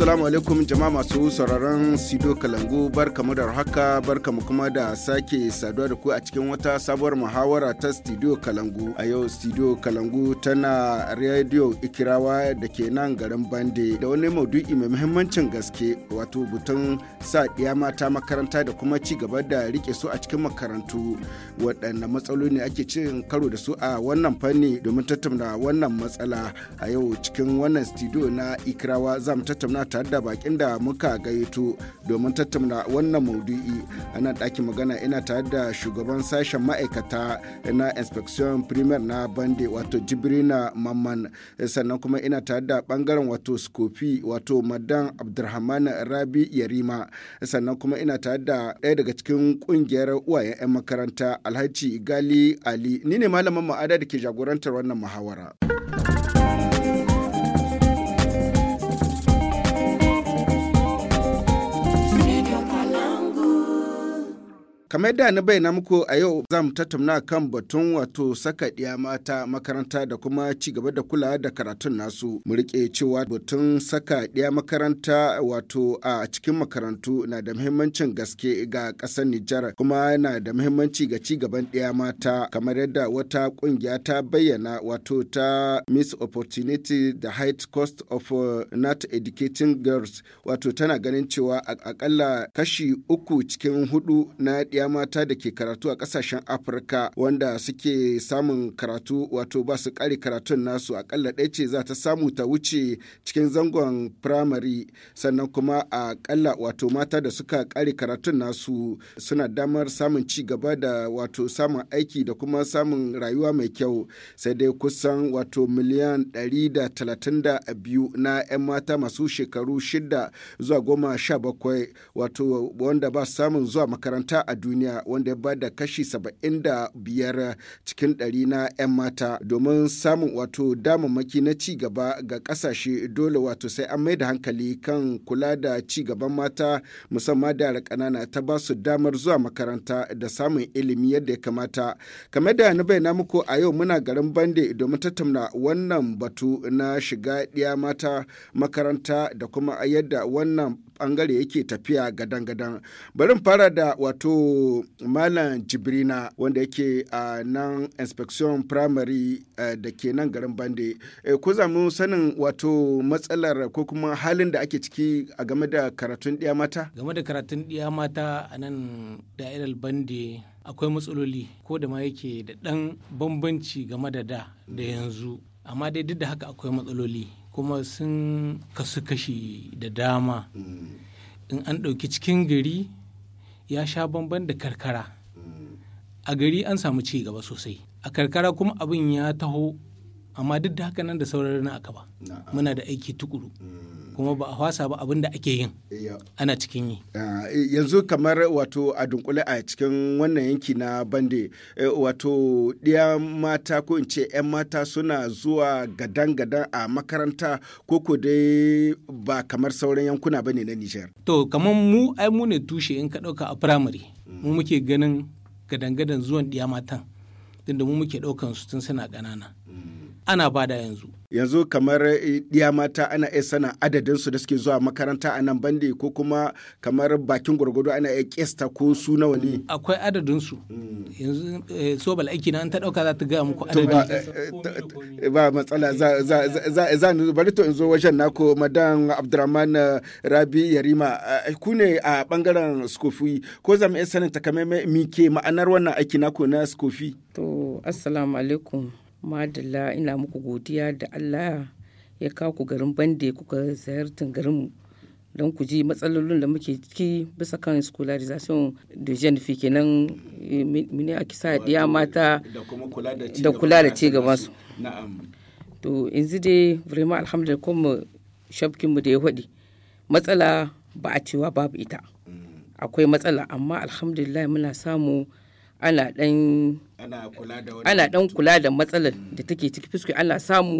Assalamu alaikum jama'a masu sauraron Sido Kalangu kamu da haka kamu kuma da sake saduwa da ku a cikin wata sabuwar muhawara ta Studio Kalangu. A yau Studio Kalangu tana radio Ikirawa da ke nan garin Bande da wani maudu'i mai muhimmancin gaske wato butun sa ɗiya mata makaranta da kuma ci gaba da rike su a cikin makarantu waɗanne matsaloli ne ake cin karo da su a wannan fanni domin tattauna wannan matsala a yau cikin wannan studio na Ikirawa za mu tattauna tare da bakin da muka gayyato domin tattauna wannan maudu'i ana dakin magana ina tare da shugaban sashen ma'aikata na inspection premier na bande wato jibrina mamman sannan kuma ina tare da bangaren wato skofi wato madan abdulrahman rabi yarima sannan kuma ina tare da ɗaya daga cikin ƙungiyar uwayen 'yan makaranta alhaji gali ali ni ne malamin ma'ada da ke jagorantar wannan muhawara. kamar da na bayyana muku a yau za mu tattauna kan batun wato saka ɗiya mata makaranta da kuma ci gaba da kula da karatun nasu mu rike cewa batun saka ɗiya makaranta wato a cikin makarantu na da muhimmancin gaske ga ƙasar Nijar kuma na da muhimmanci ga ci gaban ɗiya mata kamar yadda wata ƙungiya ta bayyana wato ta Miss Opportunity the High Cost of uh, Not Educating Girls wato tana ganin cewa aƙalla kashi uku cikin hudu na ɗiya yan mata da ke karatu a kasashen Afirka wanda suke samun karatu wato ba su kare karatun nasu akalla ɗaya ce za ta samu ta wuce cikin zangon firamare sannan kuma akalla wato mata da suka kare karatun nasu suna damar samun ci gaba da wato samun aiki da kuma samun rayuwa mai kyau sai dai kusan wato miliyan biyu na 'yan mata masu shekaru 6 zuwa 17 wato wanda ba samun zuwa makaranta a duniya. duniya wanda ya ba da kashi 75 cikin ɗari na 'yan mata domin samun wato damammaki na cigaba ga ƙasashe dole wato sai an mai da hankali kan kula da ci gaban mata musamman da yara ƙanana ta ba su damar zuwa makaranta da samun ilimi yadda ya kamata kamar da na bayyana muku a yau muna garin bande domin tattauna wannan batu na shiga ɗiya mata makaranta da kuma yadda wannan bangare yake tafiya gadan-gadan. barin fara da wato Malam Jibrina wanda yake a nan inspection primary eh, da ke nan garin Bande. Eh, Ku zamu sanin wato matsalar ko kuma halin da ake ciki a game da karatun ɗiya mata? Game da karatun ɗiya mata a nan da'irar Bande akwai matsaloli ko da ma yake da ɗan bambanci game da da da yanzu amma dai duk da haka akwai matsaloli kuma sun kasu kashi da dama in an ɗauki cikin gari ya sha bamban da karkara a gari an samu ci gaba sosai a karkara kuma abin ya taho amma duk da haka nan da sauran na aka ba muna da aiki tukuru kuma ba a fasa ba abin da ake yin ana cikin yi ah, eh, yanzu kamar wato a dunkule a cikin wannan yanki na bande eh, wato ɗiya mata ko in ce 'yan mata suna zuwa gadan-gadan a makaranta ko ko dai ba kamar sauran yankuna ba ne na nijar to kamar mu ai mu ne tushe in ka ɗauka a firamare mu mm. muke ganin gadan-gadan zuwan ɗiya matan da mu muke ɗaukan su tun suna ƙanana mm. ana bada yanzu yanzu kamar eh, ɗiya mata ana iya sana adadin su da suke zuwa makaranta a nan bande ko kuma kamar bakin gwargwado ana iya kesta ko su nawa ne mm, akwai adadin su mm. yanzu eh, sobal aiki na an ta dauka za ta ga muku adadin eh, ba matsala za za za bari to in zo wajen nako madan abdurrahman rabi yarima ku ne a bangaren skofi ko zamu iya sanin takamaimai mike ma'anar wannan aiki nako na skofi to assalamu alaikum Madalla ina muku godiya da Allah ya kawo ku garin Bande kuka ziyartar mu don ku ji matsalolin da muke ciki bisa kan scolarization da jenfi kenan eh, mini a kisa diya mata da kula da ci gaban su. To yanzu dai vraiment alhamdulillah kuma shafkinmu da ya haɗi matsala ba a cewa babu ita. Mm. Akwai matsala amma alhamdulillah muna samu ana dan kula da matsalar da take ciki fuskar ana samu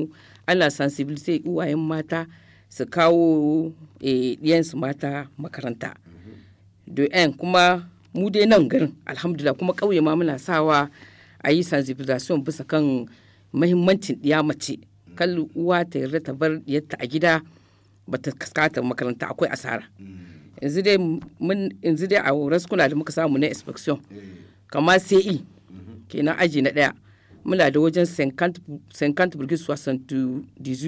ana sensibility uwayen mata su kawo eh, ɗiyansu mata makaranta mm-hmm. Do do'en kuma mu dai nan garin alhamdulillah kuma ƙauye ma muna sawa a yi sensibilization bisa kan mahimmancin ɗiya mace mm. kan uwa ta yarda ta bar ɗiyarta a gida ba ta kaskata makaranta akwai asara mm. yanzu dai a raskuna da muka samu na inspection eh. kamar CE kenan aji na daya muna da wajen 50 burgis 18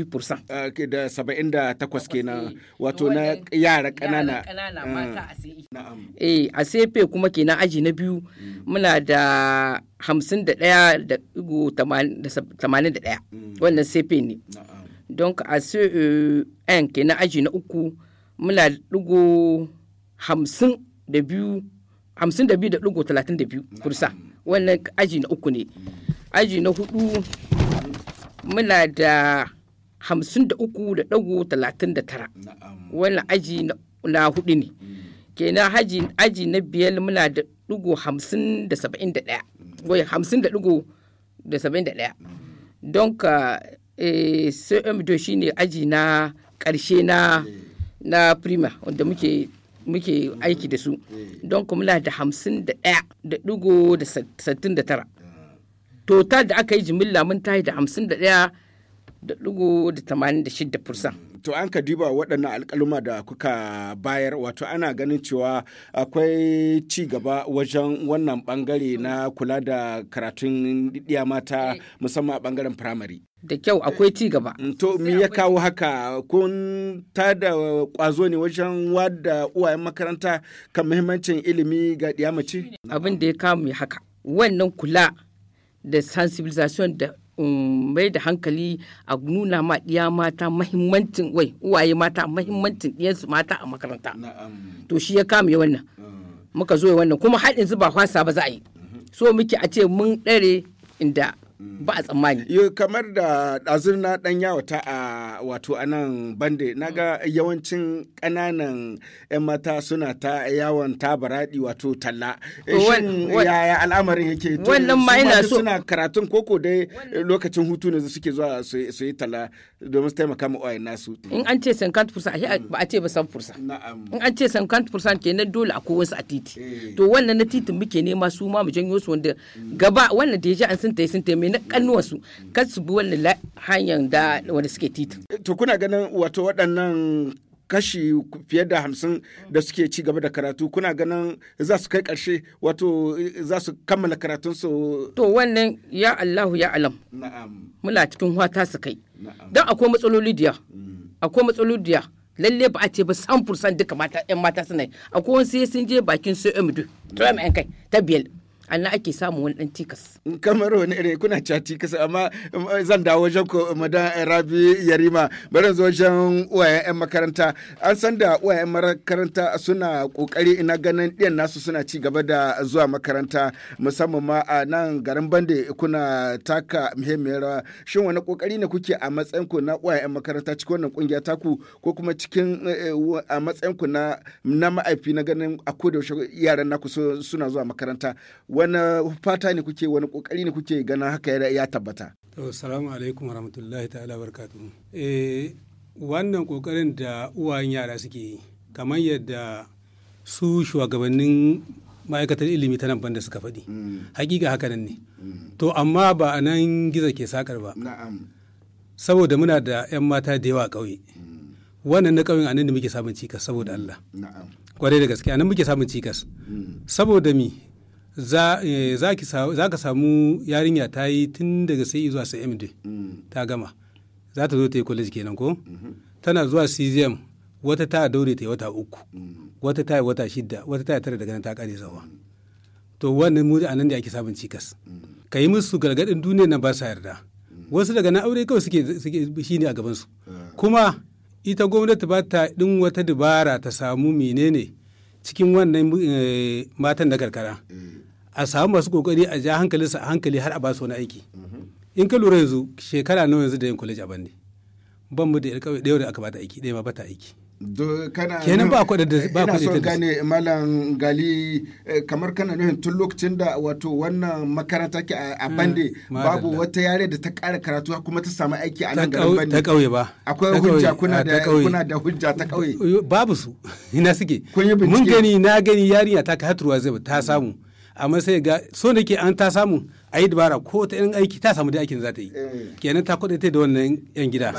78% da 78 kenan e. wato na yara kanana ah, e. eh a sefe kuma kenan aji na biyu mm. muna da 51.81 mm. wannan sefe ne don a CEN kenan aji na uku muna da digo hamsin da biyu da ɗigo talatin da biyu kursa wannan aji na uku ne aji na hudu muna da hamsin da uku da ɗigo talatin da tara wannan aji na hudu ne kenan aji na biyar muna da ɗigo hamsin da saba'in da ɗaya wai hamsin da ɗigo da saba'in da ɗaya don ka eh, sai ne aji na ƙarshe na na wanda muke muke aiki da su eh. don kuma muna da hamsin da ɗaya da ɗigo da sattin da tara eh. total da aka yi jimilla mun tayi da hamsin da ɗaya 86%. to an ka diba waɗannan alƙaluma da kuka bayar wato ana ganin cewa akwai ci gaba wajen wannan ɓangare na kula da karatun ɗiya mata eh. musamman a ɓangaren firamare. da kyau akwai ci gaba. Mm, to me ya kawo haka kun ta da ƙwazo ne wajen wada uwayen makaranta kan muhimmancin ilimi ga ɗiya mace? Abin da ya kawo mai haka wannan kula da sensibilisation da mai da hankali a nuna ma ɗiya mata mahimmancin wai uwaye mata mahimmancin ɗiyansu mata a makaranta to shi ya kame wannan mm. muka zo wannan kuma har yanzu ba kwasa ba za a yi mm-hmm. so muke a ce mun ɗare inda ba a tsammani. kamar da ɗazun na ɗan yawata a wato a nan bande na ga yawancin ƙananan 'yan mata suna ta yawon tabaraɗi wato talla. Eh, shin yaya al'amarin yake to wannan ma ina so suna karatun koko dai lokacin hutu ne suke zuwa su yi talla domin su taimaka ma oyan nasu. In an ce 50% ba a ce ba fursa In an ce ke kenan dole a ko wasu a titi. Eh. To wannan na titin muke nema su ma mu janyo su wanda gaba wannan da ya ji an sun ta yi sun ta yi na kanuwarsu kan su bi wannan hanyar da wanda suke titi. To kuna ganin wato waɗannan kashi fiye da hamsin da suke ci gaba da karatu kuna ganin za su kai ƙarshe wato za su kammala karatunsu. To wannan ya Allahu ya alam. Muna cikin wata su kai. Don akwai matsaloli diya. Mm. Akwai matsaloli diya. lalle ba a ce ba san fursan duka mata yan mata suna yi akwai sai sun je bakin su mdu to yan kai ta biyar a ake samun wani ɗan cikas kamar wani irin kuna cewa cikas amma um, zan dawo wajen ku madan rabi yarima bari zo wajen uwayen yan makaranta an san da uwayen makaranta suna kokari ina ganin ɗiyan nasu suna ci gaba da zuwa makaranta musamman ma a nan garin bande kuna taka muhimmiyar rawa shin wani kokari ne kuke a matsayin ku na uwayen makaranta cikin wannan kungiya taku ko kuma cikin eh, eh, a matsayin ku na na ma'aifi na ganin a da yaran naku suna zuwa makaranta wani fata ne kuke wani kokari ne kuke ganin haka ya tabbata to salamu alaikum warahmatullahi ta'ala barkatuhu eh wannan kokarin da uwayen yara suke yi kamar yadda su shugabannin ma'aikatar ilimi ta nan banda suka faɗi mm. hakika haka nan ne mm. to amma ba a nan gizo ke sakar ba saboda muna da 'yan mata da yawa ƙauye mm. wannan na ƙauyen anan da muke samun cikas saboda Allah kwarai da gaske anan muke samun cikas saboda mi Eh, za ka samu yarinya ta yi tun daga sai e zuwa cmd ta gama za ta zo ta yi college kenan ko tana zuwa cgm wata ta daure ta yi wata uku wata ta yi wata shida wata ta yi tara daga nan ta kare zawa to wannan mu a nan da ake samun cikas ka yi musu gargadin duniya nan ba sa yarda wasu daga nan aure kawai suke ne a gabansu kuma ita gwamnati ba ta din wata dabara ta samu menene cikin wannan eh, matan na karkara a samu masu kokari a ja hankali a hankali har a ba su wani aiki in ka lura yanzu shekara nawa yanzu da yin college a bandi ban mu da yar kawai da aka bata aiki ɗaya ma bata aiki kenan ba ku da ba eh, ku da gane eh, malam gali eh, kamar kana nuhin tun lokacin da wato wannan makaranta ke a mm, bande babu wata yare da ta kara karatu kuma ta samu aiki a nan garin bande ta kauye ba akwai hujja kuna da kuna da hujja ta kauye babu su ina suke mun gani na gani yarinya ta ka haturuwa zai ta samu amma sai ga so da ke an ta samu a yi dabara ko ta yan aiki ta samu da aikin za ta yi eh. kenan ta kuɗe ta da wannan yan gida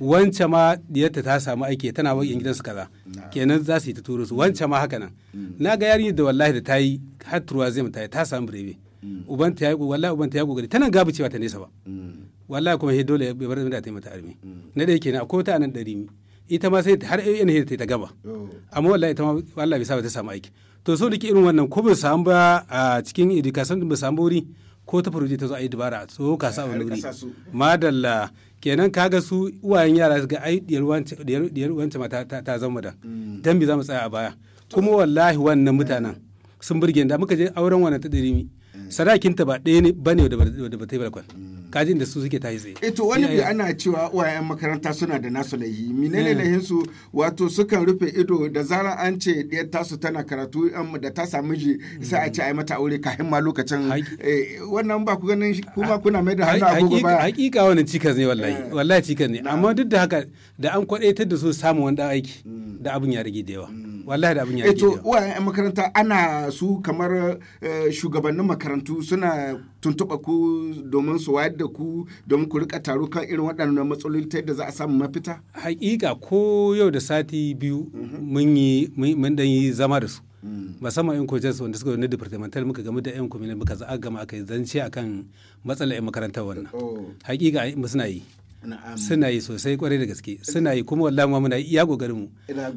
wance ma diyarta ta samu aiki tana ba yan gidansu kaza kenan za su yi ta turo su wance ma haka nan mm. na ga yarinyar da wallahi da ta yi har turuwa zai ta yi ta samu birebe mm. uban ya yi wallahi ta yi kokari tana gabu cewa ta nesa ba mm. wallahi kuma he dole ya bar da ta yi mata armi na da yake na akwai ta anan ɗari ita ma sai har yan ta gaba oh. amma wallahi ita ma wallahi bai sa ta samu aiki to so da ke irin wannan ko bai samu ba a cikin education bai samu wuri ko ta faru ta zo a yi dubara so ka sa wani eh, wuri madalla kenan ka ga su uwayen yara ga ai diyar wancan ma ta zama da mm. dan bi za mu tsaya a baya kuma wallahi wannan eh. mutanen sun burge da muka je auren wannan ta dirimi eh. ta ba ɗaya ne bane da ba ta yi balkon kajin da su suke yi tsaye. Eto eh, wani bi ana cewa wayan makaranta suna da nasu laihi. Menene eh. laihin su wato sukan rufe ido da zarar an ce ɗiyar tasu tana karatu da ta samu ji sai a ce a yi mata aure kafin ma lokacin eh, wannan ba ku ganin kuma kuna mai da hannu agogo ba. Hakika wani cikas ne wallahi wallahi cikas ne amma duk da haka da an kwaɗaitar da su samun wani aiki mm. da abun ya rage da yawa. Mm. wallahi da abin ya eh, to uwayen makaranta ana su kamar eh, shugabannin makarantu suna tuntuɓa ku domin su wayar da ku domin ku rika taro kan irin waɗannan matsaloli ta yadda za a samu mafita haƙiƙa ko yau da sati biyu mhm. mun yi mun dan yi zama da su mm. musamman yan kojas wanda suka wani departamental muka game da yan kwamitin muka za'a gama aka yi zance akan matsalar yan makarantar wannan oh. haƙiƙa suna yi suna yi sosai kwarai da gaske suna yi kuma wallahi ma muna iya gogarin mu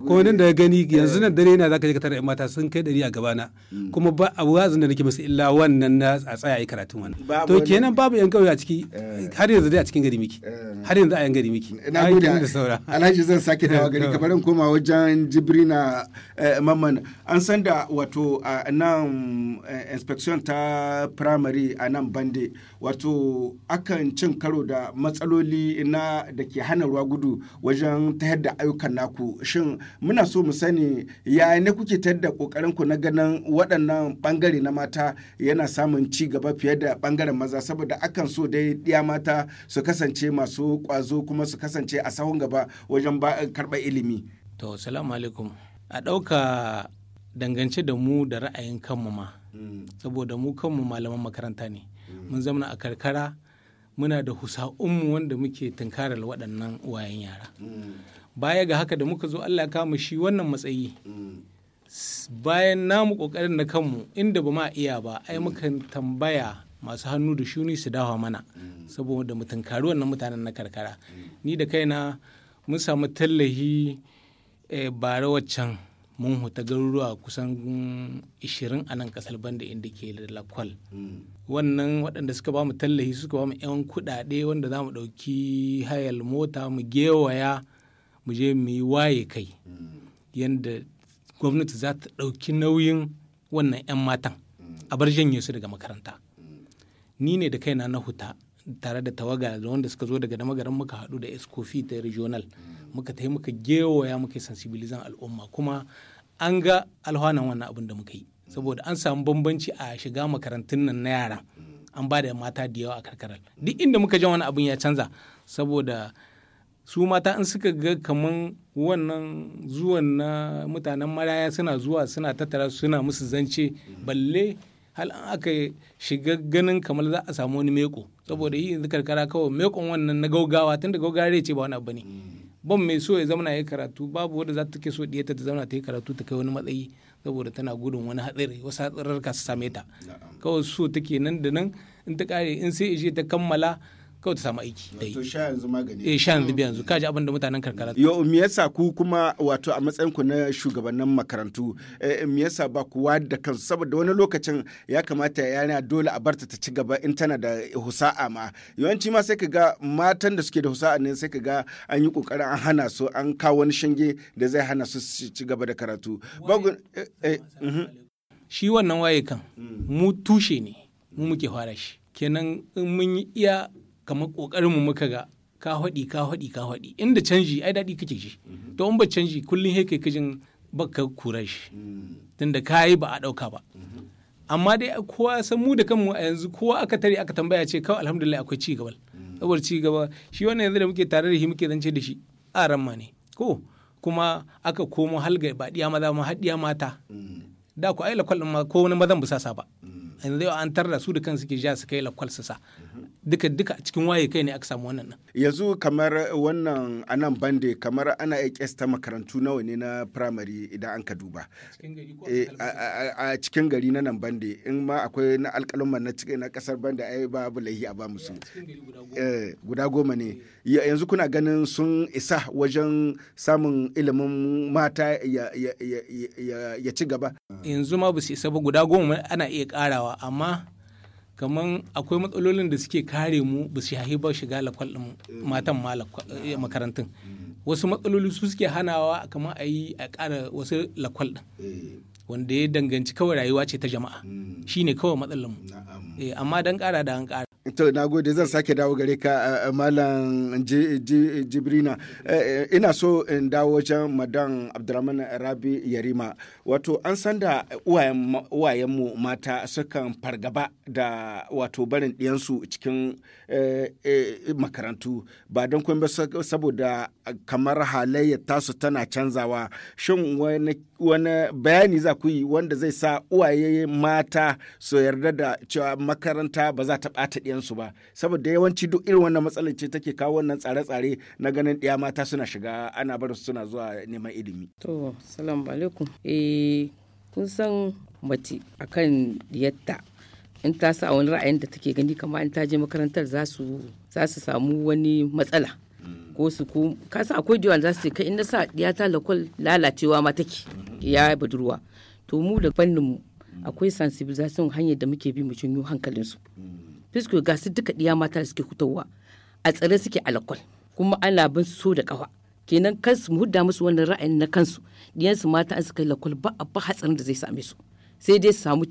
kuma nan da gani eh. yanzu nan dare na zaka je ka tara mata sun kai dari a gabana mm. kuma ba abu wazin da nake musu illa wannan na a tsaya yi karatun wannan to kenan babu yan kauye a ciki eh. har yanzu dai a cikin gari miki eh. har yanzu a yan gari miki na gode alhaji zan sake dawo gari kamar in koma wajen jibrina mamman an san da wato nan inspection ta primary a nan bande wato akan cin karo da matsaloli na da ke hana ruwa gudu wajen ta yadda ayyukan naku shin muna so mu sani ya ne kuke ta yadda kokarin ku na ganin waɗannan bangare na mata yana samun ci gaba fiye da bangaren maza saboda akan so dai ɗiya mata su kasance masu kwazo kuma su kasance a sahun gaba wajen karɓar ilimi. To, salamu alaikum. A ɗauka dangance da mu da ra'ayin kanmu ma, mm. saboda mu kanmu malaman makaranta ne. mun zama a karkara muna da husa'unmu wanda muke tunkarar waɗannan wayan yara mm. baya ga haka da muka zo allah ya kama shi wannan matsayi mm. bayan namu ƙoƙarin na kanmu inda ba ma iya ba ai mm. mukan tambaya masu hannu da shuni su dawa mana saboda mu tunkari wannan mutanen na karkara ni da kaina mun samu tallahi eh, bara waccan mun huta garuruwa kusan 20 a nan kasar banda inda ke da lakwal wannan waɗanda suka ba mu tallahi suka ba mu 'yan kuɗaɗe wanda za mu ɗauki hayal mota mu gewaya mu je mu yi waye kai yadda gwamnati za ta ɗauki nauyin wannan 'yan matan a bar janye su daga makaranta ni ne da kaina na huta tare da tawaga da wanda suka zo daga damagaran muka haɗu da escofi ta regional mm. muka yi muka gewaya muka yi sensibilizan al'umma kuma an ga alhwanan wannan abin da muka yi saboda an samu bambanci a shiga makarantun nan na yara an ba da mata da yawa a karkarar duk inda muka jan wani abin ya canza saboda su mata in suka ga kaman wannan zuwan na mutanen maraya suna zuwa suna tattara suna musu zance balle hal an aka shiga ganin kamar za a samu wani meko saboda yi yanzu karkara kawai mekon wannan na gaugawa tun da gaugawa ce ba wani abu ne ban mai so ya zauna ya karatu babu wanda za ta ke so diyata ta zauna ta yi karatu ta kai wani matsayi saboda tana gudun wani hatsari wasu hatsararka su same ta kawai so take nan da nan in ta kare in sai ishe ta kammala kawai ta samu aiki da yi. sha yanzu magani. Eh sha yanzu yanzu kaji abin da mutanen karkara. Yo me yasa ku kuma wato a matsayin ku na shugabannin makarantu eh me yasa ba ku da kansu saboda wani lokacin ya kamata yana dole a barta ta ci gaba in tana da husa'a ma yawanci ma sai ka ga matan da suke da husa'a ne sai ka ga an yi kokarin an hana su an kawo wani shinge da zai hana su su ci gaba da karatu. bagun eh, eh mhm. Shi wannan waye kan mm. mu tushe ne mu muke fara shi kenan in mun yi iya kamar kokarin mu muka ga ka haɗi ka haɗi ka haɗi inda canji ai daɗi kake ji mhm. to in ba canji kullun he kai kijin baka kura shi mm. tunda ka ba a ɗauka ba mm-hmm. amma dai kowa ya san mu da kanmu a yanzu kowa aka tare aka tambaya ce kawai alhamdulillah akwai ci gaba mm. saboda ci gaba shi wannan yanzu da muke tare da shi muke zance da shi a ramma ne ko kuma aka komo halga ba diya maza ma haɗiya mata mm. da ku ai lakwal ma ko wani mazan ba sa ba yanzu yau an tarda su da kansu ke ja su kai lakwal su sa mm-hmm. duka duka a cikin waye kai ne aka samu wannan nan yanzu kamar wannan anan bande kamar ana aikesta makarantu nawa ne na primary idan an ka duba eh, a cikin gari na nan bande in ma akwai na alƙalumma na cikin na kasar bande ai babu laihi a ba musu eh, guda goma ne eh. yanzu kuna ganin sun isa wajen samun ilimin mata ya ci gaba yanzu ma ba su isa ba guda goma ana iya karawa amma kamar akwai matsalolin da suke kare mu ba su shahi ba shiga lakwal din matan eh, makarantun wasu matsaloli su suke hanawa kamar a yi a ƙara wasu lakwal ɗin eh. wanda ya danganci kawai rayuwa ce ta jama'a hmm. shine kawai matsalolin mu eh, amma don ƙara da an ƙara to na gode zan sake dawo gare ka eh, eh, malam jibrina eh, ina so in dawo wajen madan abdulrahman rabi yarima wato an san da uwayenmu mata sukan fargaba da wato barin ɗiyansu cikin makarantu ba don kuma saboda kamar halayyar tasu tana canzawa shin wani bayani za ku yi wanda zai sa uwaye mata su yarda da cewa makaranta ba za ta ɓata ɗiyansu su ba saboda yawanci duk irin wannan matsalar ce take kawo wannan tsare-tsare na ganin ɗaya mata suna shiga ana bar su suna zuwa neman ilimi to salamu alaikum eh kun san mace akan yadda in ta sa wani ra'ayin da take gani kamar in ta je makarantar za su samu wani matsala mm. ko su ko ka sa akwai diwan za su ce kai in na sa ta lakol lalacewa ma take mm-hmm. ya budurwa to mu da fannin mu mm. akwai sensibilization hanyar da muke bi mu janyo hankalin su mm. fisko ga su duka ɗiya mata suke fitowa a tsare suke alakwal kuma an labin su so da kafa kenan kansu mu hudda musu wannan ra'ayin na kansu su mata an suka lakwal ba a ba hatsarin da zai same su sai dai su samu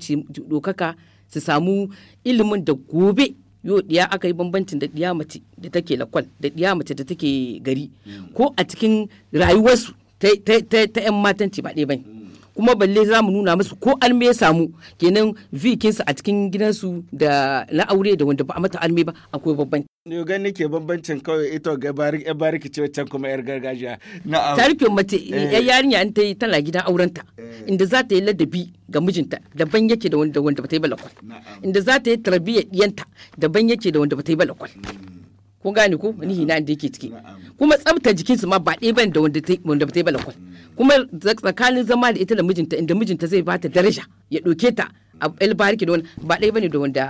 dokaka su samu ilimin da gobe yo diya aka yi bambancin da diya mace da take lakwal da diya mace da take gari mm. ko a cikin rayuwarsu ta 'yan matanci ba ɗaya bane kuma balle za mu nuna musu ko alme ya samu kenan vikinsu a cikin gidansu da na aure da wanda ba a mata alme ba akwai babban Yau gan nake bambancin kawai ita ga barik ya bariki ce can kuma yar gargajiya na'am tarikin mace eh. yar yarinya an ta yi tana gidan aurenta eh. inda za ta yi ladabi ga mijinta daban yake da wanda wanda bata yi balakwal inda za ta yi tarbiyyar diyanta daban yake da wanda bata yi balakwal hmm. kun gane ko ni na inda yake ciki kuma tsabta jikinsu ma ba ɗaya bane da wanda ba ta yi balakwal kuma tsakanin zama da ita da mijinta inda mijinta zai ba ta daraja ya ɗauke ta a albarki da wani ba ɗaya bane da wanda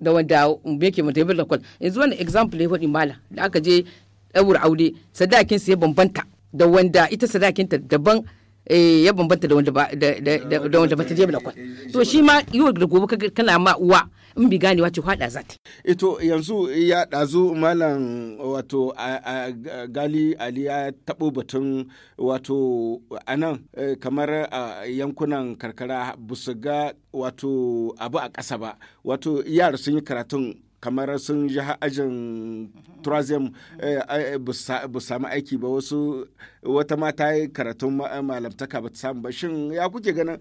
da wanda yake mata yi balakwal yanzu wani example ya faɗi mala da aka je ɗaura aure sadakin su ya bambanta da wanda ita sadakinta daban Eh, ya bambanta da wanda ba da wanda bata je to shi ma yau da gobe kana ma uwa in bi ganewa ce hada za ta ito eh, yanzu ya dazu malam wato gali ali ya tabo batun wato anan eh, kamar a yankunan karkara busuga ga wato abu a ƙasa ba wato yara sun yi karatun kamar sun ji ajin turazem eh, eh, ba samu aiki ba wasu wata mata yi karatun eh, malamtaka ba ta samu ba shin ya kuke ganin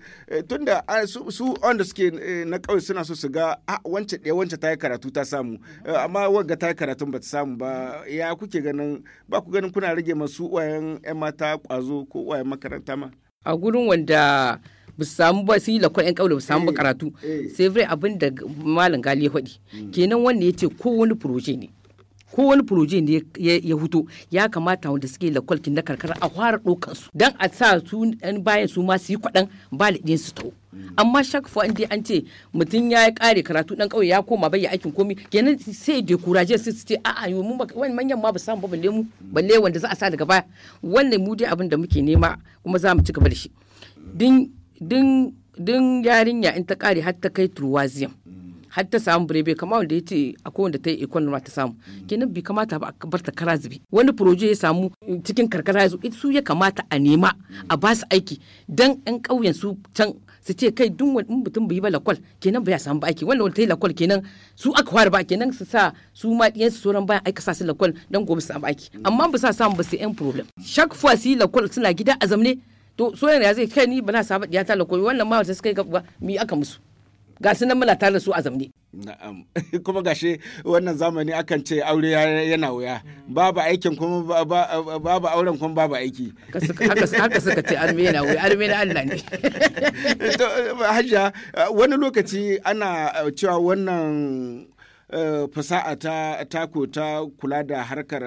tunda ah, su wanda suke na kawai suna so su ga ah, wancan ɗaya wancan ta yi karatu ta samu amma wagga ta yi karatun ba ta samu ba ya kuke ganin ba ku ganin kuna rage masu wayan 'yan mata kwazo ko wayan makaranta ma a gurin wanda ba su samu ba su yi lakon yan kaula ba samu ba eh, karatu eh. sai vrai abin da malam gali ya faɗi mm. kenan wanda ya ce ko wani proje ne ko wani proje ne ya huto ya kamata wanda suke lakwalkin na karkara a fara ɗaukar su don a sa su ɗan bayan su ma su yi kwaɗan ba liɗin su tau mm. amma shak fa inda an ce mutum ya yi ƙare karatu dan ƙauye ya koma bai aikin komi kenan sai da kuraje su ce a'a yo mun wani manyan ma ba samu ba balle mu mm. balle wanda za a sa daga baya wannan mu dai abin da muke nema kuma za mu ci gaba da shi din din yarinya in ta kare har ta kai turwaziyam har ta samu birebe kama wanda ya ce a wanda ta yi ikon ta samu kenan bai kamata ba a bar ta kara zube wani proje ya samu cikin karkara ya zo su ya kamata a nema a ba su aiki dan yan ƙauyen su can su ce kai dun wani mutum bai yi ba lakwal kenan bai samu ba aiki wanda wanda ta yi lakwal kenan su aka fara ba kenan su sa su ma ɗiyan su sauran bayan aika sa su lakwal dan gobe su samu aiki amma ba sa samu ba sai yan problem shak su yi lakwal suna gida a zamne to so yana zai kai ni bana saba ya tala koyi wannan ma wata suka yi gaba mi aka musu ga su nan muna tare su a zamne na'am kuma gashi wannan zamani akan ce aure yana wuya babu aikin kuma babu auren kuma babu aiki haka suka ce arme yana wuya arme na Allah ne hajja wani lokaci ana cewa wannan eh, fasa'a ta tako ta kula da harkar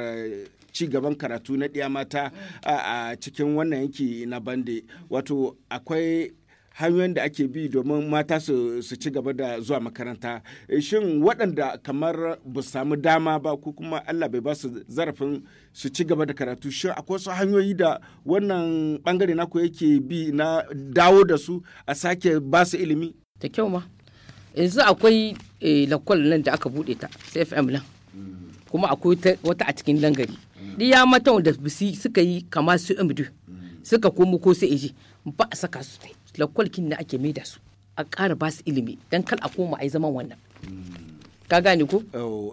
ci gaban karatu na ɗiya mata a cikin wannan yanki na bande wato akwai hanyoyin da ake bi domin mata su ci gaba da zuwa makaranta eh, shin waɗanda kamar ba samu dama ba ko kuma allah bai ba su zarafin su ci gaba da karatu shin akwai wasu hanyoyi da wannan bangare ko yake bi na dawo da su a sake ba su ilimi da kyau ma yanzu akwai eh, lakwal nan da aka buɗe ta cfm nan mm. kuma akwai wata a cikin langari diya mata da bisi suka yi kama su amdu suka komo ko su eji ba a saka su lakwalkin na ake da su a ƙara ba su ilimi don kal a koma a yi zaman wannan ka gane ko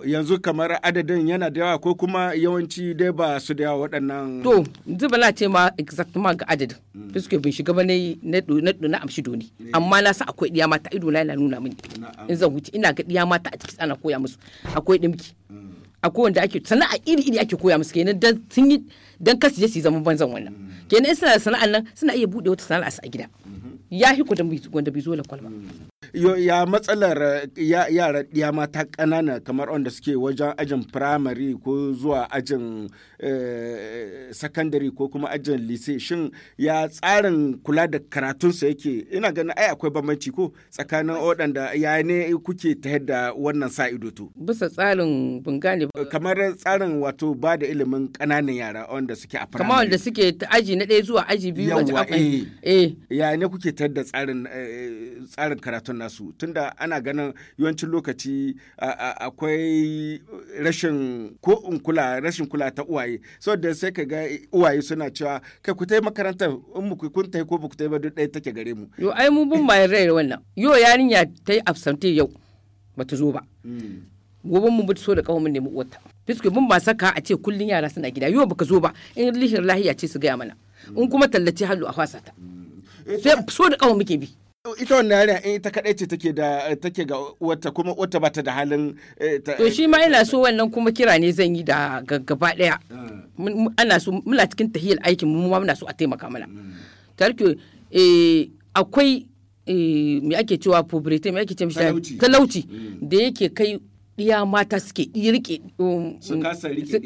yanzu kamar adadin yana da yawa ko kuma yawanci dai ba su da yawa waɗannan to yanzu ba na ce ma exactement ga adadin mm. suke bin shiga ba ne na na amshi doni mm. amma na sa akwai diya mata ido na nuna mini in zan wuce ina ga diya mata a cikin ana koya musu akwai dimki mm. akwai da ake sana'a iri iri ake koya musu kenan dan sun yi dan kasu je su zama banzan wannan kenan suna da sana'an nan suna iya bude wata sana'a a gida mm-hmm. ya hi kwata wanda bai zo da kwalba mm. ya matsalar yara ya mata ƙanana kamar wanda suke wajen ajin firamare ko zuwa ajin eh, sakandare ko kuma ajin lise shin ya tsarin kula da karatunsa yake ina ganin ai akwai bambanci ko tsakanin waɗanda ya ne kuke ta da wannan sa ido to bisa tsarin bungani kamar tsarin wato ba da ilimin ƙananan yara wanda suke a firamare kamar wanda suke aji na ɗaya zuwa aji biyu wajen eh. eh ya ne kuke ta da tsarin eh, tsarin karatun ayyukan nasu tunda ana ganin yawancin lokaci akwai rashin ko in kula rashin kula ta uwaye saboda sai ka ga uwaye suna cewa kai ku tai makarantar in mu kun tai ko ba ku tai ba duk ɗaya take gare mu yo ai mu bin bayan rai wannan yo yarinya ta yi absente yau bata zo ba mm. gobe mu bi so da kawo mu nemi uwarta fiske mun ba saka a ce kullun yara suna gida yau baka zo ba in lihir lahiya ce su gaya mana in kuma tallace hallu a fasa ta mm. sai so da kawo muke bi ita wannan yarinya in ita kaɗai ce take da take ga wata kuma wata bata da halin eh, to shi ma eh, ina so wannan kuma kira ne zan yi da gaba ɗaya ana so muna cikin tahiyar aikin mu ma muna so a taimaka mana mm. tarke eh, akwai me ake cewa pobrete me ake cewa talauci mm. da yake kai diya mata suke rike um, su kasa rike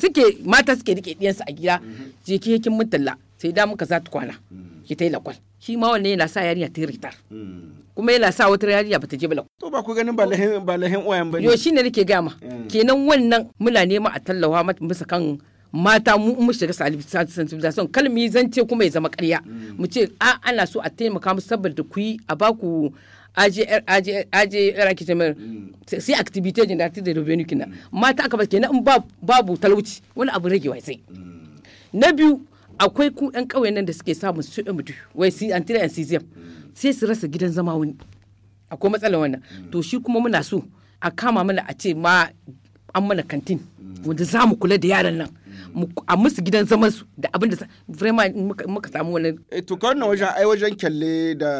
suke mata suke rike diyansu a gida mm-hmm. je ke mutalla sai da muka za ta kwana mm. ki ta yi lakwal shi ma wannan yana sa yarinya ta yi ritar mm. kuma yana sa wata yarinya ba ta je bala to ba ku ganin ba lahin ba lahin uwayen ba ne. yo shine nake gaya ma mm. kenan wannan muna nema a tallawa masa kan mata mu mu shiga sensibilization kalmi zance kuma ya zama karya mu ce a ana so a taimaka musu saboda ku yi a baku ajiyar ake jamar sai activity generative da revenue kina mata aka ba kenan in babu talauci wani abu rage sai na biyu akwai ku yan ƙauyen nan da suke samu su yan mutu wai si an tira yan sai su rasa gidan zama wani akwai matsala wannan to shi kuma muna so a kama mana a ce ma an mana kantin wanda za mu kula da yaran nan a musu gidan zaman su da abin da vraiment muka samu wani eh to kawai wajen ai wajen kyalle da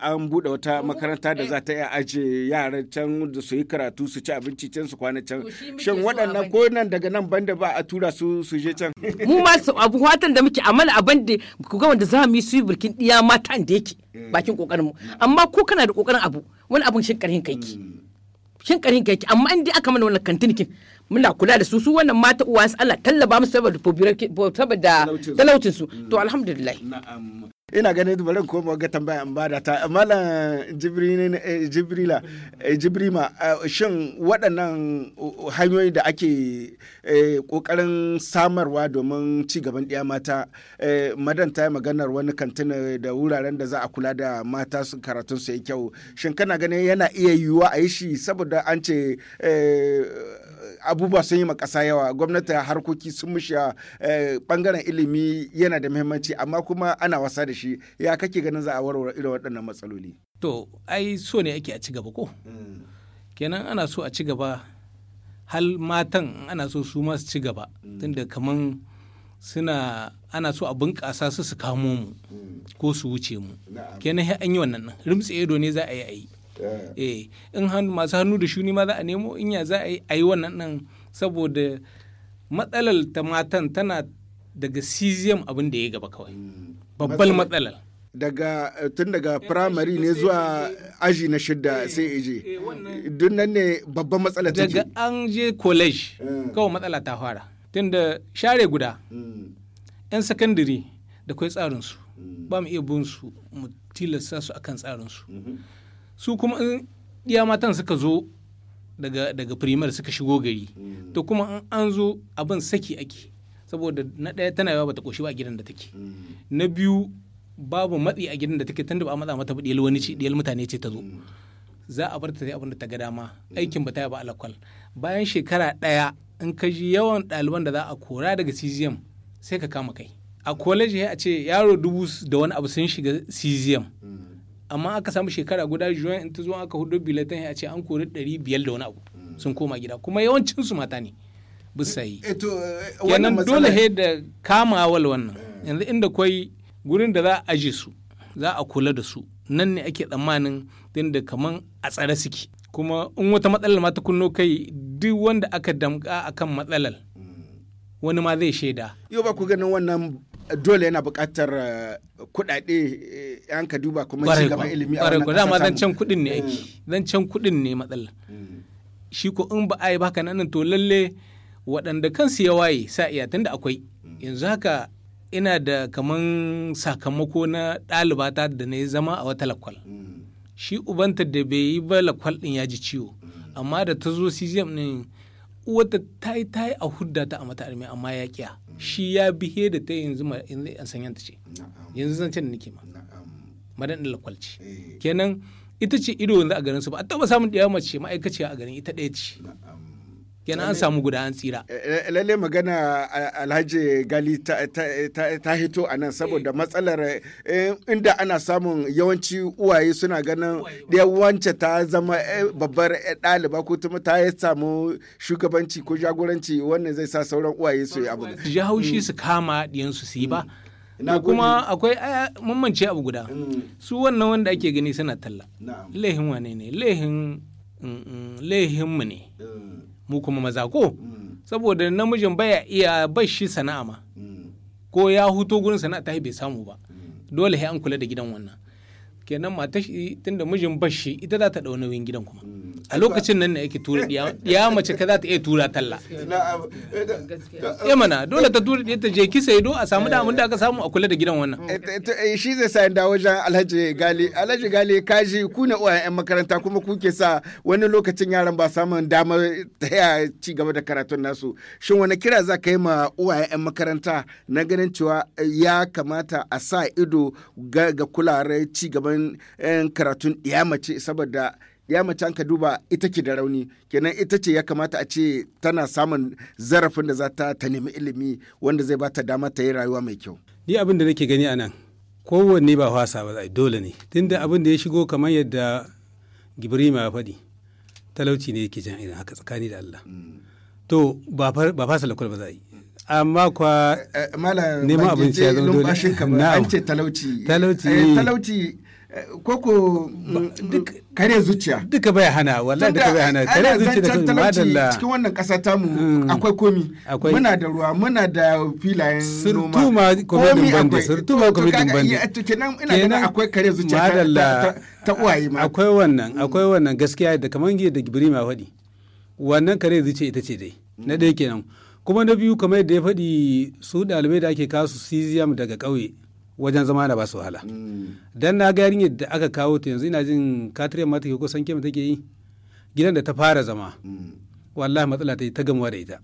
an bude wata makaranta da za ta iya aje yaran can da su yi karatu su ci abinci can su kwana can shin waɗannan ko nan daga nan banda ba a tura su su je can mu ma su abu watan da muke amana abin da ku ga wanda za mu yi su yi birkin iya mata da yake mm. bakin kokarin mu amma ko kana da kokarin abu wani abin shin karhin kai ki mm. shin kai ki amma in dai aka mana wannan kin muna kula da su su wannan mata uwa su Allah tallaba musu saboda saboda talaucin to mm. alhamdulillah ina ganin bari koma ga tambaya in bada ta malam eh, jibrila eh, jibrima eh, shin waɗannan hanyoyi da ake kokarin samarwa domin ci gaban ɗiya mata madan ta yi maganar wani kantina da wuraren da za a kula da mata su karatun su yi kyau shin kana ganin yana iya yiwuwa a yi shi saboda an ce abubuwa sun yi makasa yawa gwamnati harkoki sun musha bangaren ilimi yana da muhimmanci amma kuma ana wasa da shi shi ya kake ganin za a warware irin waɗannan matsaloli to ai so ne ake a ci gaba ko hmm. kenan ana so a ci gaba hal matan ana so su masu ci gaba hmm. tunda kaman suna ana so a bunƙasa su su kamo mu hmm. ko su wuce mu kenan an yi wannan nan rimtse ido ne za a yi a yi eh in masu hannu da shuni ma za a nemo in ya za a yi wannan nan saboda matsalar ta matan tana daga cesium abin da ya gaba kawai babban matsalar daga eh, tun daga firamare ne zuwa aji na shidda sai aji eh, duk nan ne babban matsala ta daga an je college eh. kawai matsala ta fara tun da share guda hmm. yan sakandare da kai tsarinsu hmm. ba mu iya bin su mu tilasta su akan tsarinsu hmm. su kuma in iya matan suka zo daga daga suka shigo gari to kuma an zo abin saki ake saboda na ɗaya tana yawa bata koshi ba a gidan da take mm. na biyu babu matsi a gidan da take tunda ba a matsa mata ɗiyal wani ce ɗiyal mutane ce ta zo mm. za a bar ta sai abin ta ga dama mm. aikin ba ta yi ba alakwal bayan shekara ɗaya in ka ji yawan ɗaliban da za a kora daga cgm sai ka kama kai a kwaleji a ce yaro dubu da wani abu sun shiga cgm amma aka samu shekara guda juwan in ta zo aka hudu biletan a ce an kori ɗari biyar da wani abu sun koma gida kuma yawancinsu mata ne bisa yi eh, eh, kenan dole he da kamawal wannan yanzu inda kwai gurin da za a aje su za a kula da su nan ne ake tsammanin din da kaman a tsare suke kuma in wata matsalar ma ta kunno kai duk wanda aka damka akan matsalar wani ma zai shaida yau ba ku ganin wannan dole yana buƙatar eh, kuɗaɗe an ka duba kuma shi gaba ilimi a wannan dama zancen kuɗin ne ake zancen kuɗin ne matsalar mm. shi ko in ba a yi ba nan to lalle waɗanda kansu ya waye sa iya tunda akwai yanzu haka ina da kaman sakamako na ɗalibata da na yi zama a wata lakwal shi ubanta da bai yi ba lakwal ɗin ya ji ciwo amma da ta zo cgm ɗin wata ta yi a hudda ta a mata armi amma ya kiya shi ya bihe da ta yanzu an yanta ce yanzu zan ce da nake ma madan da lakwal ce eh. kenan ita ce ido yanzu a garin su ba a taɓa samun ɗaya mace ma'aikaciya a garin ita ɗaya ce kenan an samu guda an tsira eh, eh, lalle magana alhaji gali ta hito a nan saboda eh. matsalar inda ana samun yawanci uwaye suna ganin da wance ta zama babbar ɗaliba ko kuma ta samu shugabanci ko jagoranci wannan zai sa sauran uwaye su yi abu su ji haushi su kama diyansu su yi ba mm. na kuma akwai mamance abu guda mm. su wannan wanda ake gani suna talla lehin wane ne lehin lehin mu ne mm. mu kuma maza ko saboda namijin baya iya bai shi sana'a ma ko ya huto gurin sana'a ta bai samu ba dole sai an kula da gidan wannan kenan mata shi tunda mijin bar ita za ta dau nauyin gidan kuma a lokacin nan ne yake tura diya ya mace ka za ta iya tura talla ya eh mana dole ta tura ta je ki sai do a samu da da aka samu a kula da gidan wannan eh, eh, shi zai sa da wajen Alhaji Gali Alhaji Gali kaji ku ne uwa yan makaranta kuma kuke sa wani lokacin yaran ba samun damar taya ci gaba da karatun nasu shin wani kira za ka yi ma uwa yan makaranta na ganin cewa ya kamata a sa ido ga kularar ci gaban karatun ya mace saboda ya mace an ka duba ita ke da rauni kenan ita ce ya kamata a ce tana samun zarafin da za ta ta nemi ilimi wanda zai bata dama ta yi rayuwa mai kyau ni abin da nake gani anan kowanne ba wasa ba dole ne tunda abin da ya shigo kamar yadda gibrima ya faɗi talauci ne yake jan irin haka tsakani da Allah mm. to ba fasa lakwal ba za amma kwa eh, eh, neman abinci ya zama dole an ce talauci talauci eh, koko mm, kare zuciya duka bai hana wallahi duka bai hana kare zuciya da kuma madalla cikin wannan kasa ta mu mm. akwai komi muna da ruwa muna da filayen noma surtuma komedin bandi surtuma komedin bandi kenan ina ganin akwai kare zuciya madalla ta uwaye ma akwai wannan mm. akwai wannan gaskiya da kaman da gibiri ma faɗi wannan kare zuciya ita ce dai na ɗaya kenan kuma na biyu kamar yadda ya faɗi su ɗalibai da ake kasu cesium daga ƙauye wajen zama na ba su wahala mm. dan na ga yarinyar da aka kawo ta yanzu ina jin katriyar mata ke kusan kema take yi gidan da ta fara zama mm. wallahi matsala ta yi ta gamuwa da ita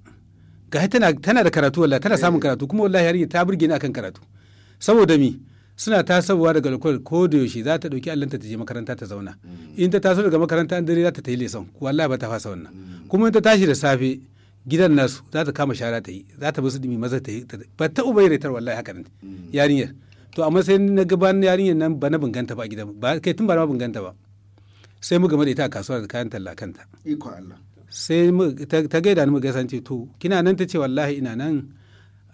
ga tana tana da karatu wallahi tana samun eh. karatu kuma wallahi yarinyar ta burge ni akan karatu saboda mi suna tasowa daga lokal ko da yaushe za ta dauki allanta ta je makaranta ta zauna mm. in ta taso daga makaranta an dare za ta tayi leson wallahi ba ta fasa wannan kuma in ta tashi da safe gidan nasu za ta kama shara ta yi za ta bi su dimi maza ta yi ba ta ubai retar wallahi haka nan yarinyar to amma sai na gabanin yarinyar nan ba na banganta ba a gida ba kai tun ba na banganta ba sai muka game ita a kasuwar da kayan talla kanta iko Allah sai ta gaida ni mu ga ce to kina nan ta ce wallahi ina nan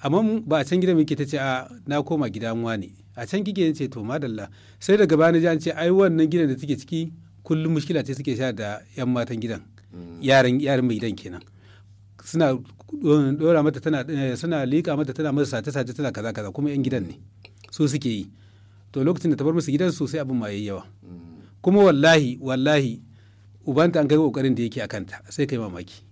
amma ba a can gidan muke ta ce a na koma gidan wani a can kike ce to madalla sai daga bani ji an ce ai wannan gidan da take ciki kullum mushkila ce suke sha da yan matan gidan mm. yaran yaran mai gidan kenan suna dora mata tana eh, suna lika mata tana masa sace sace tana kaza kaza kuma yan gidan ne su suke yi to lokacin da ta bar musu su sai abin ma yayi yawa kuma wallahi wallahi ubanta an kai kokarin da yake a kanta sai kai mamaki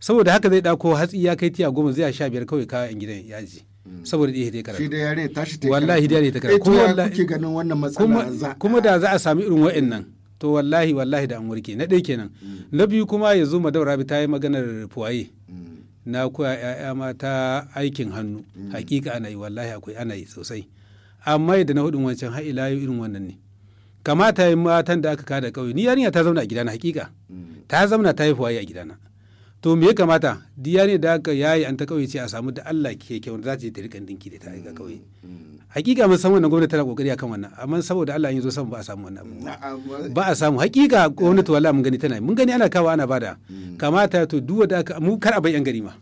saboda haka zai dako hatsi ya kai tiya goma zai sha biyar kawai kawai gidan ya ji saboda ɗaya ta karatu shi da yare tashi ta wallahi da yare ta karatu eh, kuma wallahi kuke ganin wannan matsala za kuma da za a sami irin wa'annan to wallahi wallahi da an warke na ɗaya kenan na biyu kuma yanzu madam rabi ta yi maganar fuwaye na koya 'ya'ya mata aikin hannu hakika ana yi wallahi akwai ana yi sosai amma yadda na hudun wancan har ila irin wannan ne kamata yi matan da aka kada kauye ni yarinya ta zauna a gidana hakika mm. ta zauna ta haifuwa a gidana to me ya kamata di yarinya da aka yayi an ta kauye ce a samu da Allah ke ke wanda za ta je ta rikan dinki da ta aika kauye mm, mm. hakika mun san wannan gwamnati tana kokari akan wannan amma saboda Allah in zo san ba a samu wannan abu ba a samu hakika gwamnati wallahi mun gani tana mun gani ana kawo ana bada kamata to duk da aka mu kar a bai yan gari ma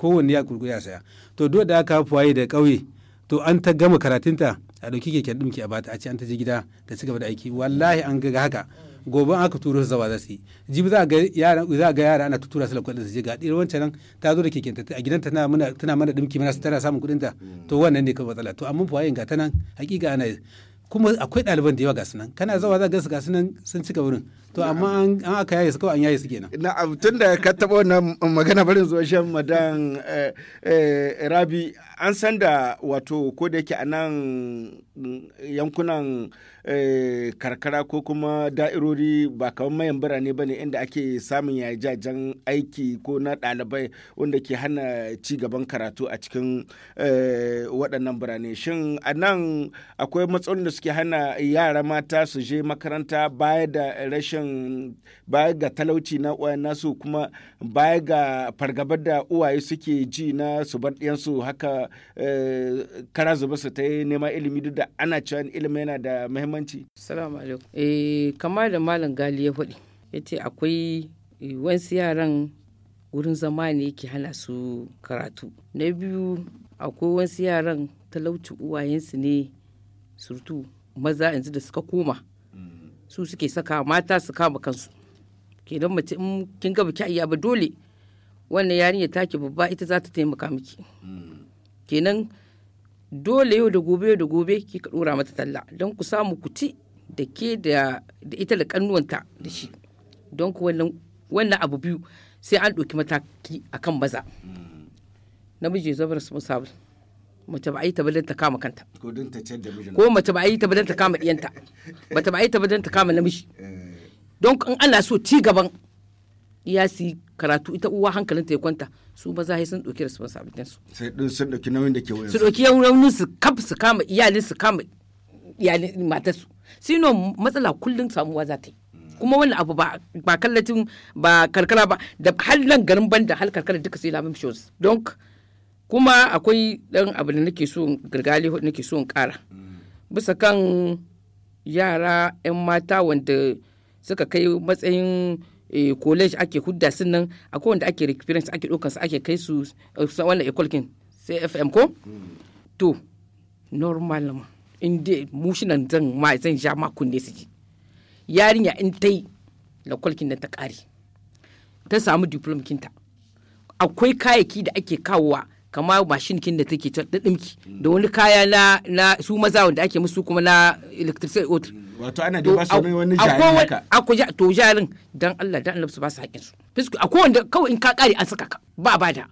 kowanne ya kurkuya saya to duk da aka fuwaye da kauye to an ta gama karatunta a ɗauki keken ɗinki a bata a ce an ta je gida ta ci gaba da aiki wallahi an ga haka gobe aka turo su zawa za su yi jibi za ga yara za ga yara ana tutura su da su je ga ɗiyar wancan ta zo da keken ta a gidan ta mana tana mana ɗinki mana tana samun kuɗin ta to wannan ne ka matsala to amma fa yin ga ta nan hakika ana kuma akwai ɗaliban da yawa ga sunan kana zawa za ga su ga sunan sun cika wurin to amma an aka yaye su kawai an yaye su kenan na'am tun da ka taɓa wannan magana barin zuwa shan madan eh, eh, rabi an san da wato ko da yake a nan yankunan Eh, karkara ko kuma da'irori ba kamar mayan birane ba ne inda ake samun yajajen aiki ko na ɗalibai wanda ke hana ci gaban karatu a cikin eh, waɗannan birane shin a nan akwai matsalolin da suke hana yara mata su je makaranta baya da rashin baya ga talauci na uwayen nasu kuma baya ga fargabar da uwaye suke ji na su bar ɗiyansu haka eh, kara zuba su ta neman ilimi duk da ana cewa ilimi yana da muhimmanci muhimmanci salamu alaikum eh kamar da malam gali ya faɗi ya ce akwai eh, wasu yaran wurin zama ne yake hana su karatu na biyu akwai wasu yaran talauci uwayensu ne surtu maza yanzu da suka koma su suke saka mata su kama kansu kenan mace in kin ga biki ba dole wannan yarinya take babba ita za ta taimaka miki mm. kenan dole yau da gobe yau da gobe ki ka dora mata talla don ku samu ku ci da ke da ita da kannuwanta da shi don ku wannan abu biyu sai an ɗauki mataki a kan maza namiji zabar su musabul mace ba a yi tabalin ta kama kanta ko mace ba a yi tabalin ta kama ɗiyanta mace ba a yi tabalin ta kama namiji eh. don in ana so ci gaban ya su karatu ita uwa hankalin ta ya kwanta su maza sai sun ɗauki responsibility su sai sun ɗauki nauyin da ke wayansu su ɗauki nauyin su kaf su kama iyalin su kama iyalin matar su sino matsala kullun samuwa za ta yi kuma wannan abu ba ba kallatin ba karkara ba da har nan garin banda har karkara duka sai lamun shows don kuma akwai dan abu da nake so girgali nake so in kara bisa kan yara 'yan mata wanda suka kai matsayin Eh, college ake hudda sun nan akwai wanda ake experience ake su ake kai su eh, wannan ekolkin sai fm ko to normal ma in dai nan zan ma zan ja ma kunne su ji yarinya in ta yi lakwalkin da ta ƙare ta samu diplom akwai kayayyaki da ake kawowa kama mashin kin da take ta dimki da wani kaya na na su maza wanda ake musu kuma na electricity wato ana da ba su wani jarin haka akwai to jarin dan Allah dan Allah su ba su hakin su fisku akwai wanda kawai in ka kare an saka ka ba bada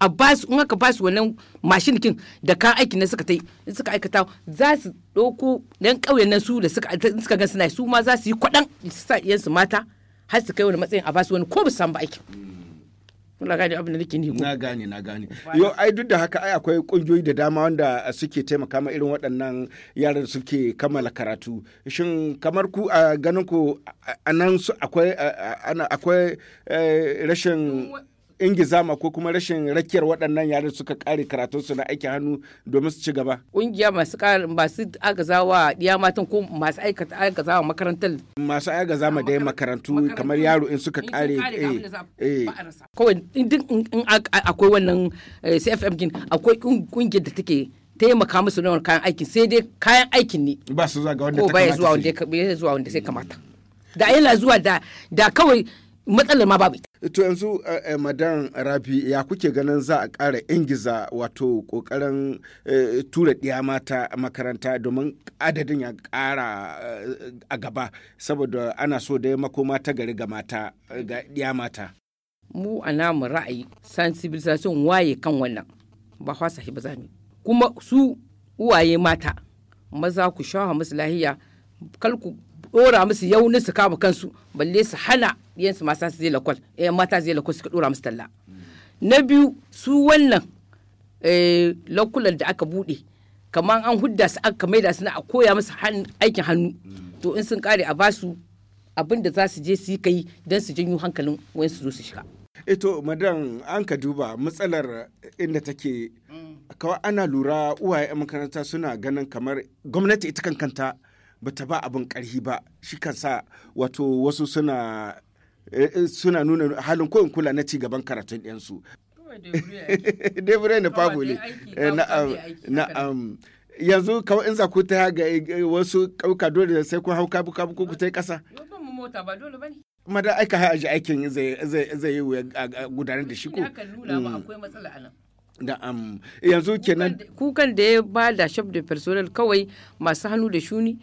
a ba su in aka ba su wannan mashin kin da ka aiki na suka tai suka aikata za su ɗauko dan ƙauyen nan su da suka suka gan suna su ma za su yi kwaɗan su sa iyansu mata har su kai wani matsayin a ba su wani ko ba su san ba aikin kuna gane abin da nake ni na gane na gane yo ai duk da haka ai akwai kungiyoyi da dama wanda suke taimaka ma irin waɗannan yaran suke kammala karatu shin kamar ku a ganin ku anan akwai eh, rashin ingizama ko kuma rashin rakiyar waɗannan yaran suka kare karatunsu na aikin hannu domin su ci gaba. Ƙungiya masu masu agazawa ɗiya matan ko masu aikata agazawa makarantar. Masu agazama dai makarantu kamar yaro in suka kare. Eh, eh. Kawai in akwai wannan eh, CFM gin akwai ƙungiyar da take taimaka musu nawar kayan aikin sai dai kayan aikin ne. Ba su zuwa ga wanda ta kamata. Ko ba ya zuwa wanda sai kamata. Da yana zuwa da kawai matsalar ma babu to yanzu eh, eh, madan rabi ya kuke ganin za a ƙara ingiza wato kokarin eh, tura ɗiya mata makaranta domin adadin ya ƙara a gaba saboda ana so da makoma ta gari ga mata ga ɗiya mata mu a namu ra'ayi sensibilisation waye kan wannan ba hwasa ba za kuma su uwaye mata maza ku shawa musu lahiya dora musu yaunin su kama kansu balle su hana yansu mata su zai lakwal eh mata zai lakwal suka dora musu talla na biyu su wannan eh, lankulan da aka bude kamar an hudda su aka maida su na a koya musu aikin hannu to in sun kare a basu abin da za su je su yi kai don su janyo hankalin wayan su zo su shiga ito eh madan an ka duba matsalar inda take mm. kawai ana lura uwaye makaranta suna ganin kamar gwamnati ita kan kanta. bata ba abin karhi ba shi kan sa wato wasu suna eh, suna nuna halin koyin kula na cigaban karatun ɗansu. Debre na fagole. Na'am. Yanzu kawai in za ku ta ga eh, wasu ƙauka dole sai ku hau kabu kabu ko ku ta yi ƙasa. mota ba dole bane. Mada aika ha aji aikin zai yi wuya gudanar da shi ko. Aka nuna ba mm. akwai matsala Yanzu kenan. Kukan da ya ba da shaf da personal kawai masu hannu da shuni.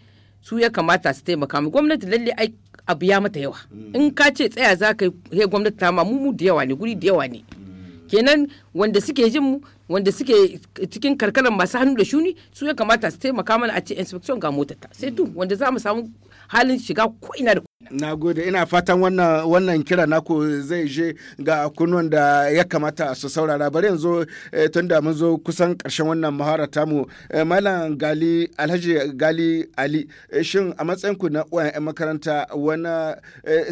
su ya kamata su taimaka mu gwamnati lalle ai abu ya mata yawa in ka ce tsaya za ka he gwamnati ta ma mu da yawa ne guri da yawa ne kenan wanda suke jin mu wanda suke cikin karkarar masu hannu da shuni su ya kamata su taimaka mana a ce inspection ga motata sai duk wanda za mu samu halin shiga ko ina da na gode ina fatan wannan wannan kira naku zai je ga kunun da ya kamata su saurara bari yanzu e, eh, tun da mun zo kusan karshen wannan muhara tamu e, malam gali alhaji gali ali e, shin a matsayin ku na uwayen yan makaranta wani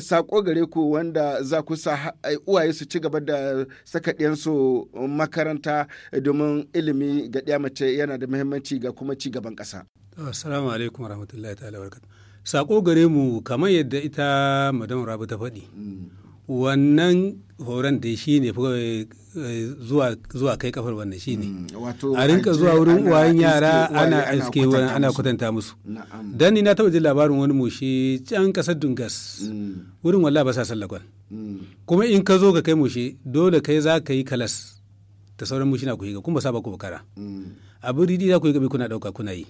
sako gare ku wanda za ku sa uwaye su ci gaba da saka ɗiyansu makaranta domin ilimi ga ɗiya mace yana da muhimmanci ga kuma ci gaban ƙasa. Assalamu alaikum warahmatullahi ta'ala barakatuh. sako gare mu kamar yadda ita madam rabu ta faɗi wannan horon da shi ne eh, eh, zuwa kai kafar wannan shi ne mm, a rinka zuwa wurin uwayen yara ana aiske wani ana kwatanta musu don ni na taɓa jin labarin wani moshi can ƙasar dungas mm. wurin walla ba sa sallakon mm. kuma in ka zo ka kai moshi dole kai za ka yi kalas da sauran mushina ku yi ga kuma saba ku bakara abin ridi za ku yi gabi kuna ɗauka kuna yi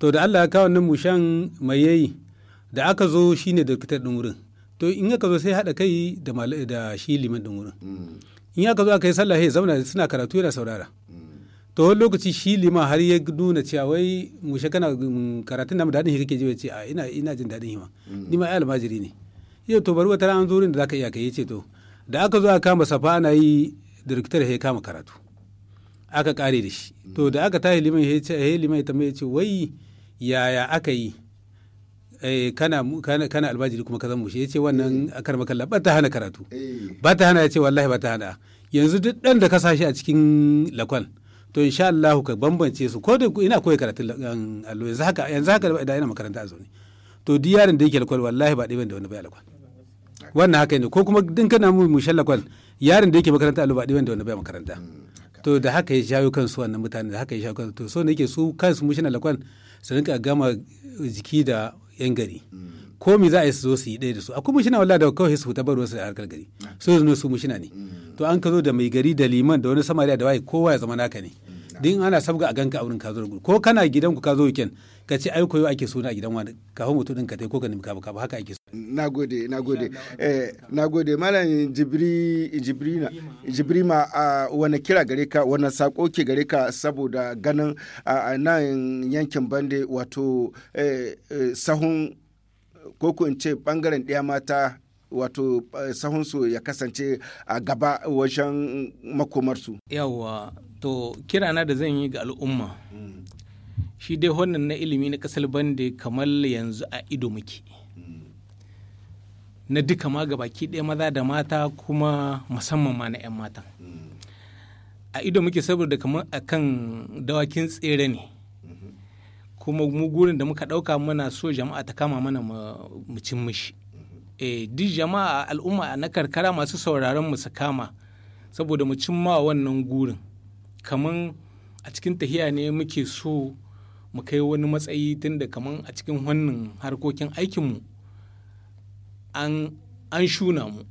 to da allah ya kawo nan mushan mai yayi da aka zo shi ne da fitar ɗin wurin to in aka zo sai haɗa kai da da shi liman ɗin wurin mm. in aka zo aka yi sallah ya zauna suna karatu yana saurara mm. to wani lokaci shi liman har ya nuna cewa wai mushe kana mm, karatun mu daɗin shi kake ji ce a ina ina jin daɗin hima ni ma ai almajiri ne yau to bari wata an zo da zaka iya kai ce to da aka zo aka kama safa ana yi director ya kama karatu aka kare da shi to da aka tashi liman ya ce liman ya tambaye ce wai yaya aka yi Eh, kana kana albajiri kuma ka zama mushe yace wannan eh. akar makalla ba ta hana karatu eh. ba ta hana yace wallahi ba ta hana yanzu duk dan da ka sashi a cikin lakwal to insha Allah ka bambance su ko da ina koyi karatun um, allo yanzu haka yanzu haka da ina makaranta a zaune to duk yaron da yake lakwal wallahi ba ɗiban da wani bai lakwal wannan haka ne ko kuma din kana mu mushen lakwal yaron da yake makaranta allo ba ɗiban da wani bai makaranta hmm, to da haka ya shayo kansu wannan mutane da haka ya shayo kansu to so ne yake su kansu na lakwal su rinka gama jiki da 'yan gari ko mi za a yi su zo su yi ɗaya da su a kuma shina wala da kawai su ta bar wasu harkar gari su zo su mushina ne to an ka zo da mai gari da liman da wani samari da waye kowa ya zama naka ne mm. din ana sabga a ganka a wurin ka zo ko kana ku ka zo weekend ka ce ai koyo ake suna a gidan wani kafin mutu din ka tai ko ka nemi kabu haka ake so nagode nagode eh nagode malam jibri jibrina jibrima ah, wani kira gare ka wani sako ke gare ka saboda ganin a ah, ah, nan yankin bande wato eh, eh, sahun ko in ce bangaren ɗaya mata wato eh, sahunsu ya kasance a gaba wajen makomarsu. Yawwa, to kirana da zan yi ga al'umma hmm. shi dai wannan na ilimi na kasar bande kamar yanzu a ido muke na duka ma ga baki ɗaya maza da mata kuma musamman ma na 'yan mata a ido muke saboda kamar a kan dawakin tsere ne kuma mu gurin da muka ɗauka muna so jama'a ta kama mana mu cin mishi e, duk jama'a al'umma na karkara masu sauraron mu su kama saboda mu cimma wannan gurin kamar a cikin tahiya ne muke so mu kai wani matsayi tun da kamar a cikin wannan harkokin aikinmu an an shuna mu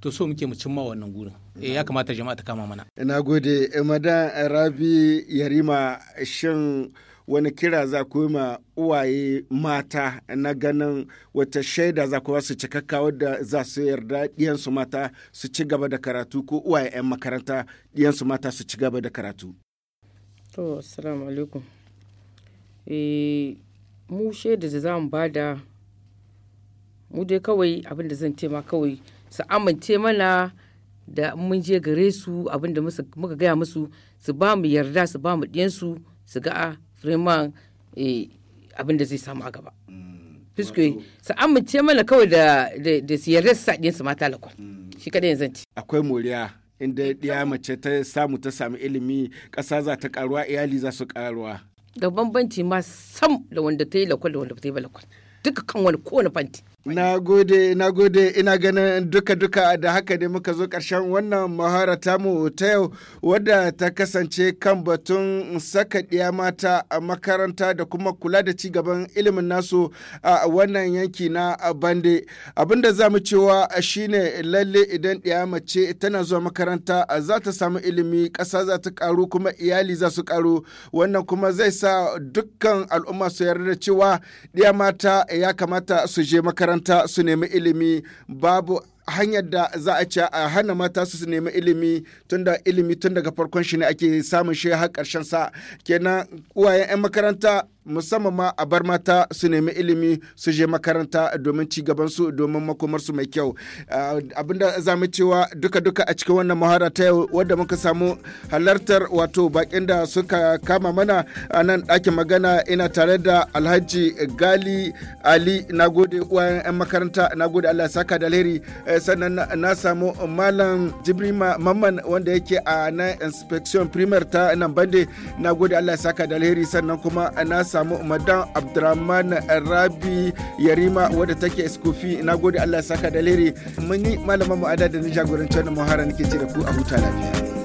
to so muke mu cimma wannan gurin eh, ya kamata jama'a ta kama mana ina gode eh, eh, rabi yarima shin wani kira za ku ma uwaye mata na ganin wata shaida za ku su cikakka wadda za su yarda ɗiyansu mata su ci gaba da karatu ko uwaye 'yan makaranta ɗiyansu mata su ci gaba da karatu. To, assalamu alaikum. Eh, mu shaida da za mu ba da mu dai kawai abin da zan tema kawai su amince mana da mun je gare su abin da muka gaya musu su ba mu yarda su ba mu ɗiyansu su ga a ah, freeman eh, abin da zai samu a gaba. Mm, fiskoyi su amince mana kawai da su yarda su sa ɗiyansu mata lakon mm. shi kada zan ci. akwai moriya inda ɗiya mace ta samu ta sami ilimi ƙasa za ta ƙaruwa iyali za su ƙaruwa. da bambanci ma sam da wanda ta yi lakwal da wanda ta yi ba lakwal duka kan wani kowane fanti Na gode, na gode, ina ganin duka-duka da haka ne muka zo ƙarshen wannan mahara mu ta yau wadda ta kasance kan batun saka ɗiya mata a makaranta da kuma kula da ci gaban ilimin nasu a wannan yanki na bande. Abinda za mu cewa shine lalle idan ɗiya mace tana zuwa makaranta za ta samu ilimi, ƙasa za ta ƙaru kuma iyali za su ƙaru. Wannan kuma zai sa dukkan al'umma su yarda cewa ɗiya mata ya kamata su je makaranta. makaranta su nemi ilimi babu hanyar da za a ce a hana mata su nemi ilimi tunda ilimi tun daga farkon shi ne ake samun shi har karshen sa kenan uwayen 'yan makaranta musamman ma a bar mata su nemi ilimi su je makaranta domin ci gabansu domin makomarsu mai kyau ah, abinda za mu cewa duka-duka a cikin wannan muhara ta yau wadda muka samu halartar wato bakin da suka kama mana a nan ɗakin magana ina tare da alhaji gali ali na gode uwayen 'yan makaranta na gode allah saka da alheri eh, sannan na samu malam jibrima mamman wanda yake a na inspection primer ta nan bande na gode allah saka da alheri sannan kuma na samu madan abdurrahman rabi yarima wadda take iskofi na gode allah saka da mun muni malamanmu mu da ni jagorancin muharan ke ce da ku a huta lafiya